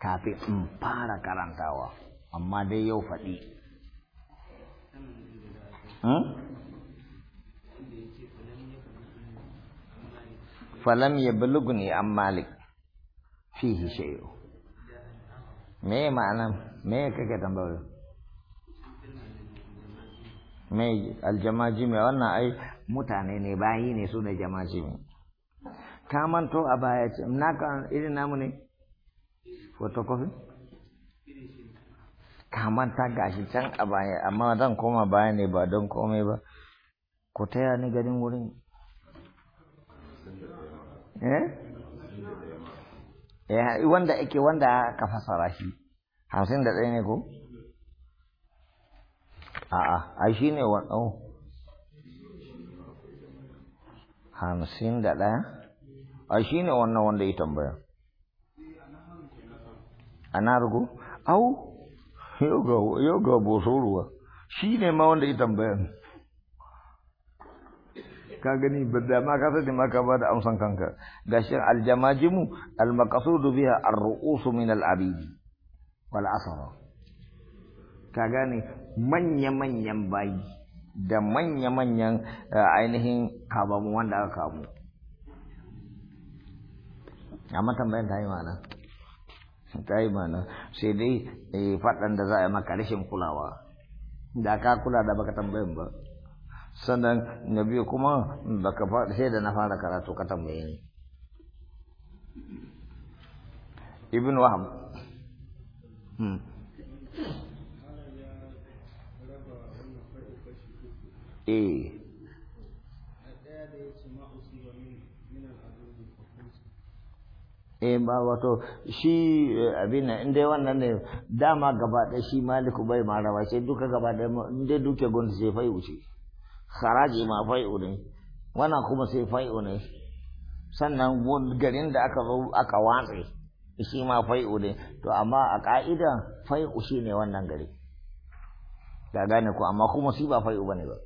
kafin in fara karantawa amma dai yau faɗi hmm? falam ya ne an malik fihi shayu me ma'ana me kake tambayoyi me aljamaji mai wannan ai mutane ne bayi ne su ne jamaji ka manto a baya ce na kan irin namu ne wata kofi kamanta gashi can a baya amma zan koma baya ne ba don komai ba ku taya ni ganin wurin eh, eh wanda ake wanda ka fasara shi hamsin da ɗaya ne ko a'a a shi ne wani oh. hamsin da ɗaya a shi ne wannan wanda ya tambaya nargo au yoga ruwa shi ne ma wanda yi tambayan ka gani ba da ma kasar da maka ba da amsan kanka gashi aljamajimu almaqsudu biha ar-ru'us min al'abidi wal asara ka gane manya manyan bayi da manya manyan eh, ainihin kabamu wanda aka kamu amma tambayan ta yi ma'ana sai mana sai dai eh, faɗan da za a yi maka rashin kulawa da ka kula da baka tambayin ba sannan na biyu kuma baka sai da na fara karatu ka tambaye ni ibn wahab hmm. eh eh ba wato shi eh, abin nan indai wannan ne dama gaba da shi maliku bai ma sai duka gaba da indai duke gonta sai fai ce haraji ma fai'u ne wannan kuma sai fai'u ne sannan garin da aka zo aka watse shi ma fai'u ne to amma a ka'ida fai'u shi ne wannan gari da gane ku amma kuma shi ba fai'u bane ba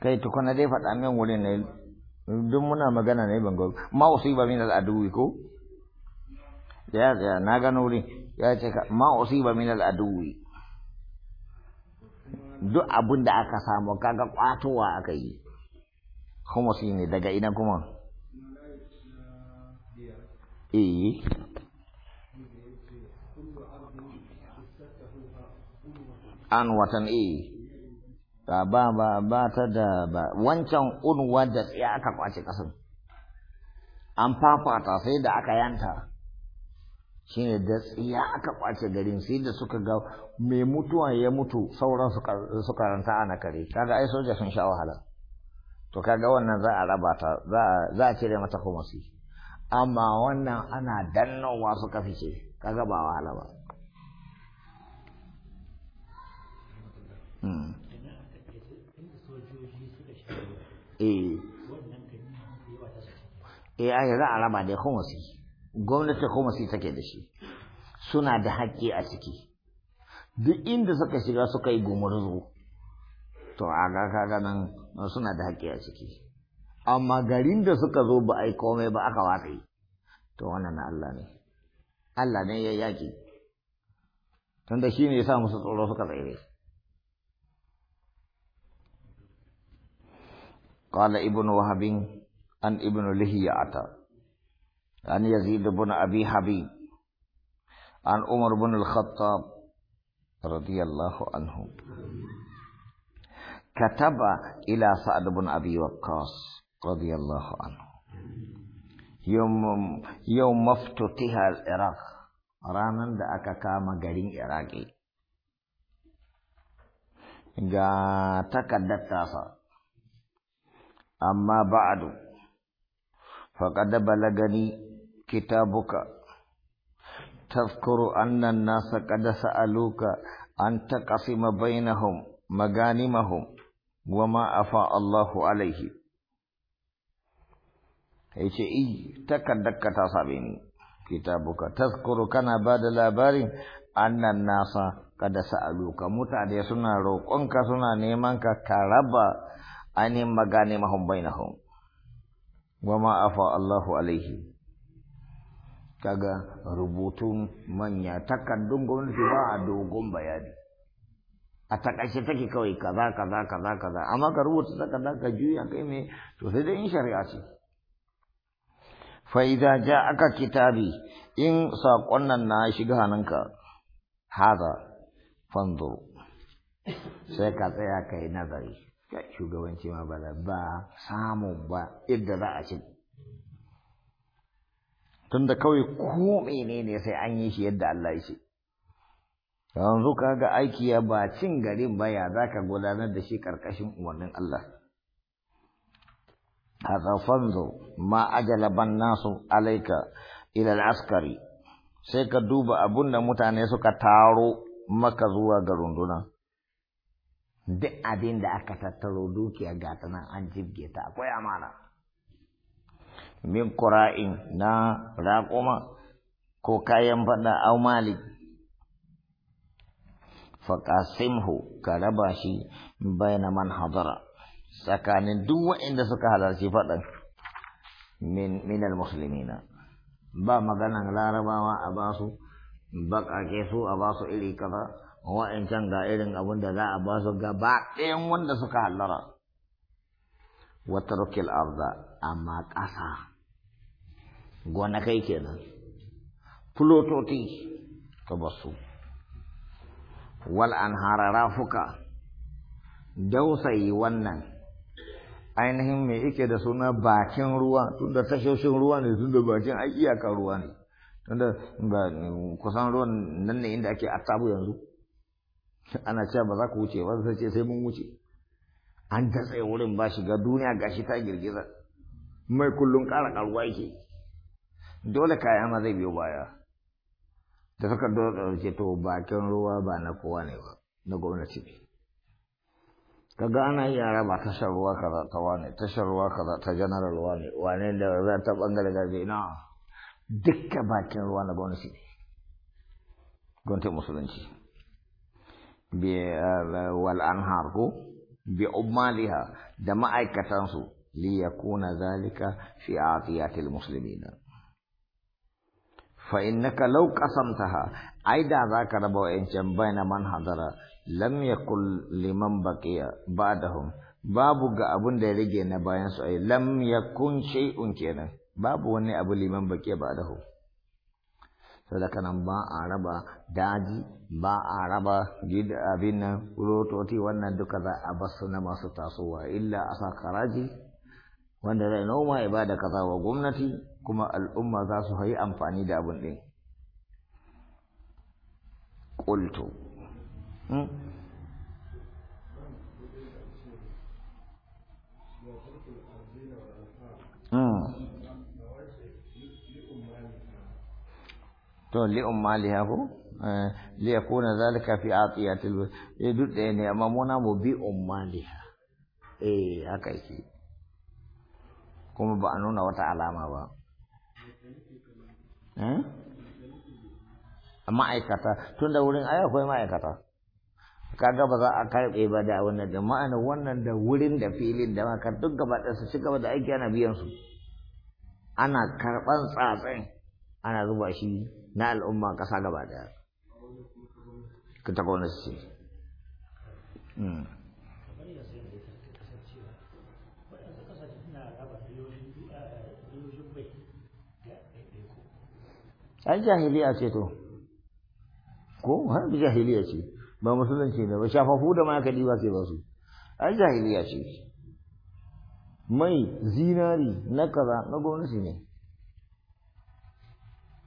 kai tukuna dai faɗa min wurin ne duk muna magana ne ban gobe ma usiba min al'aduwi ko ya ya na gano wurin ya ce ma usiba min al'aduwi duk abin da aka samu kaga kwatowa aka yi kuma shi ne daga ina kuma eh an watan eh ba ba ba ta da ba wancan unwa da tsaye aka kwace kasan an fafata sai da aka yanta shine da tsaye aka kwace garin sai da suka ga mai mutuwa ya mutu sauran su karanta ana kare kaga ai soja sun sha wahala to kaga wannan za a raba ta za a cire mata kumasi amma wannan ana dannowa suka fice kaga ba wahala ba hmm. ya za a raba da homosi gwamnati homosi take da shi suna da haƙƙi a ciki duk inda suka shiga suka yi gumurzu to a ga kaga suna da haƙƙi a ciki amma garin da suka zo ba a yi komai ba aka watsa to wannan na Allah ne Allah ne ya yaƙi tunda shi ne ya sa musu tsoro suka tsere قال ابن وهب عن ابن لهيعة عن يزيد بن أبي حبيب عن عمر بن الخطاب رضي الله عنه كتب إلى سعد بن أبي وقاص رضي الله عنه يوم يوم مفتوتها العراق ranan دا aka kama garin iraki ga takaddar أما بعد فقد بلغني كتابك تذكر أن الناس قد سألوك أن تقسم بينهم مغانمهم وما أفاء الله عليه yace i takaddarka ta same ni kitabuka tazkuru kana bada labarin annan nasa kada sa'aluka mutane suna roƙonka suna neman ka ka raba ainihin magani mahum bainahum wa afa Allahu alaihi kaga rubutun manya takardun gwamnati ba a dogon bayani a takaice take kawai kaza kaza kaza kaza amma ka rubuta kaza ka juya kai me to sai dai in shari'a ce fa idza ja'aka kitabi in saƙon nan na shiga hannunka haza fanzur sai ka tsaya kai nazari shugabanci ma ba da ba samun ba idda za a ci tunda kawai ko menene sai an yi shi yadda Allah ya ce yanzu ga aiki ya ba cin garin ba ya ka gudanar da shi ƙarƙashin umarnin Allah hadha fanzo ma ban nasu alaika ila askari sai ka duba abun da mutane suka taro maka zuwa ga runduna duk abin da aka tattaro dukiya ga ta nan an jibge ta akwai amana min kura'in na raƙuma ko kayan faɗa au mali faƙasimhu ka raba shi baina man hadara tsakanin duk waɗanda suka halarci faɗan min minal musulmina ba maganan larabawa a basu baƙaƙe su a basu iri kaza wa'ancan ga irin abin da za a ba su gaba ɗayan wanda suka hallara wata rukil arda amma ƙasa gonakai kenan fulototi ta basu wal an rafuka dausayi wannan ainihin mai ike da suna bakin ruwa tunda tashoshin ruwa ne tunda bakin iyakar ruwa ne tunda kusan ruwan nan ne inda ake attabu yanzu ana cewa ba za ku wuce ba sai ce sai mun wuce an ta tsaye wurin ba shiga duniya gashi ta girgiza mai kullum ƙara ƙaruwa yake dole kaya ma zai biyo baya da suka dole ce to bakin ruwa ba na kowa ne ba na gwamnati ne kaga ana yara ba tashar ruwa kaza ta wane tashar ruwa kaza ta janaral ruwa ne wane da za ta bangare zai na dukkan bakin ruwa na gwamnati ne gwamnatin musulunci Eh, wal anharu ko bi ummaliha da ma'aikatansu li yakuna zalika fi atiyatil muslimin fa innaka law qasamtaha ai da zaka raba wa'ancan baina man hadara lam yakul liman baqiya ba'dahum babu ga abun da ya rage na bayan su ai lam yakun shay'un kenan babu wani abu liman baqiya ba'dahum sadaka nan ba a raba daji ba a raba gida abin nan rototi wannan duka za a basu na masu tasowa illa a sa karaji wanda zai noma ya ba da kaza wa gwamnati kuma al'umma za su yi amfani da abin ɗin ƙulto hmm? hmm. to li ummaliha ko eh, li yakuna zalika fi atiyatil eh duk ne amma muna mu bi ummaliha e haka yake kuma ba a nuna wata alama ba eh ma'aikata tun da wurin ai akwai ma'aikata kaga ba za a karbe ba da wannan da ma'ana wannan da wurin da filin da maka duk gaba da su shiga gaba da aiki ana biyan su ana karɓan tsatsen ana zuba shi na al'umma ƙasa gaba daya ta kone ce An jahiliya ce to ko har jahiliya ce ba musulunci ne ba shafafu da maka ka diba sai ba su An jahiliya ce mai zinari na kaza na gwamnati ne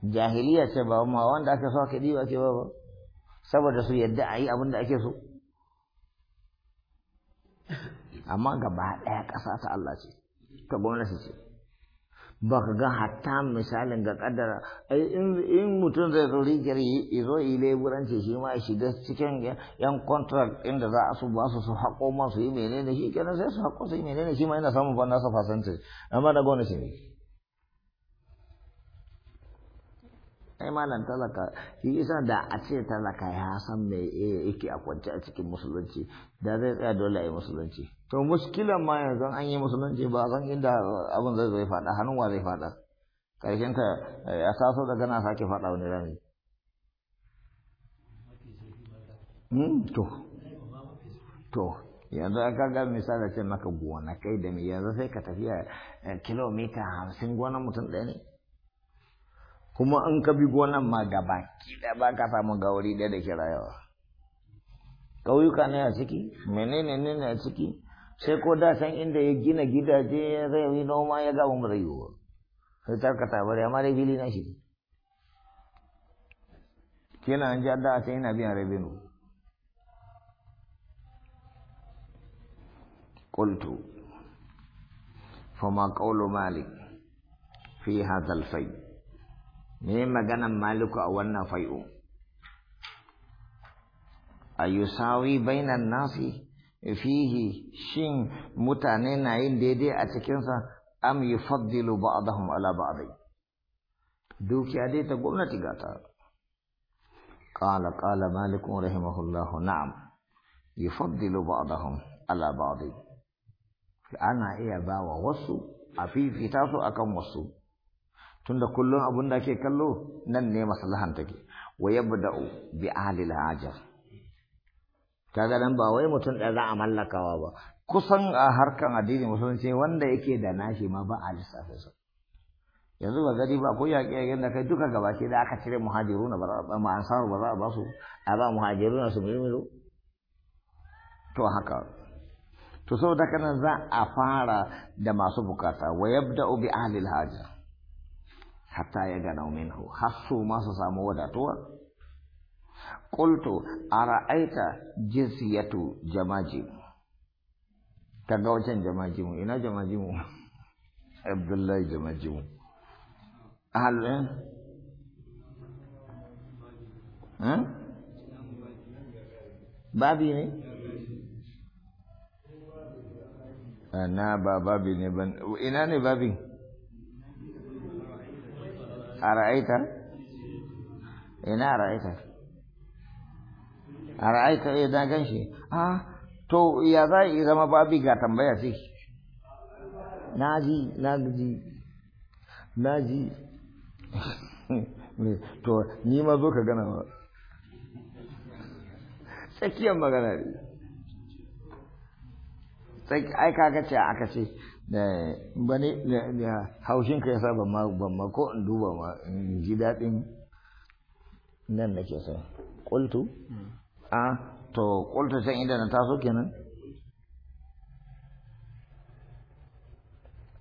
jahiliya ce ba ma wanda aka so ka diba ke ba ba saboda su yadda a yi abin da ake so amma gaba ɗaya ƙasa ta Allah ce ta gwamnati ce ba ka ga hatta misalin ga ƙaddara in mutum zai zo rigar yi zo yi leburanci shi ma shiga cikin yan kontrak inda za a su ba su su haƙo ma su yi menene shi kenan sai su haƙo su yi menene shi ma yana samun fa nasa fasance amma da gwamnati ne ai malam talaka shi isa da a ce talaka ya san me yake a kwance a cikin musulunci da zai tsaya dole a yi musulunci to muskilan ma yanzu an yi musulunci ba san inda abin zai zai fada hannun wa zai fada ƙarshen ta ya eh, saso daga na sake fada wani rami hmm, to to yanzu an kaga misali ce maka gonakai da me yanzu sai ka tafiya eh, kilomita hamsin gonan mutum ɗaya ne kuma an ka bi gonan ma gaba kida ba ka samu gauri da da kirayawa yawa ƙauyuka ne a ciki menene ne a ciki sai ko da san inda ya gina gidaje ya zai yi noma ya ga mu rayuwa sai tarkata bari amma dai fili na shi kina an ja da sai ina biyan rabinu qultu fama qawlu malik fi hadha al-fayd me maganan maliku a wannan fai'u a yusawi bainan nasi fihi shin mutane na yin daidai a cikinsa am yufaddilu ba'dahum ala ba'dai dukiya dai ta gwamnati gata قال قال مالك رحمه الله نعم يفضل بعضهم على بعض ana iya ba wa wasu a fifita su akan wasu tunda kullum abun da ke kallo nan ne maslahan take wa yabda'u bi ahli al kaga nan ba wai mutum da za a mallakawa ba kusan a harkan addini musulunci wanda yake da nashi ma ba a lissafe so. yanzu ba gari ba ko yaƙi yaƙin da kai duka gabaki da aka cire muhajiruna ba ma ansaru ba za a ba su a ba muhajiruna su mulmulu to haka to saboda kana za a fara da masu bukata wa yabda'u bi ahli al-hajar hatta ya gana minhu har su ma su samu wadatuwa qultu ara'aita jizyatu jamajim kaga wajen jamajimu ina jamajimu abdullahi jamajimu ahalin babi ne ah, na ba babi ne ban ina ne babin Ara'aita? ina ara'aita? Ara'aita ya eh, na gan shi ah to ya za yi zama babi ga tambaya shi na ji na ji na ji to ni ma zo ka gana ba tsakiyar magana ne ai kaga ce aka ce da eh, ne da haushin ka yasa ba ma ma ko in duba ma in ji daɗin nan nake sa ƙultu hmm. a ah, to ƙultu san inda na taso kenan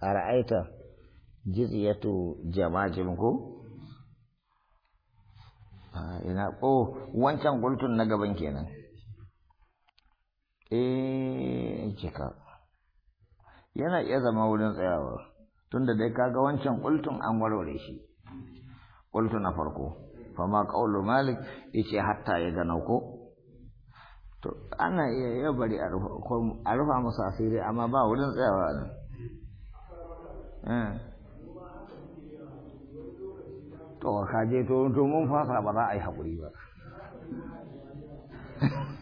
ara'aita jiziyatu jama'atin ko ah, ina ko wancan ƙultun na gaban kenan eh kika yana iya zama wurin tsayawa tunda dai kaga wancan kultun an warware shi kultu na farko fama qaulu malik yace hatta ya gano ko to ana iya ya bari a rufa musu asiri amma ba wurin tsayawa ne. Eh. to ka je to mun fasa ba za a yi hakuri ba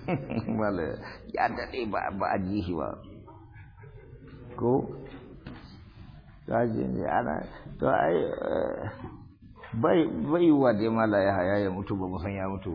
wala ya daɗe ba a ji shi ba ko kaji ne ana to ai eh, bai bai wa dai mala ya haya ya mutu ba mu san ya mutu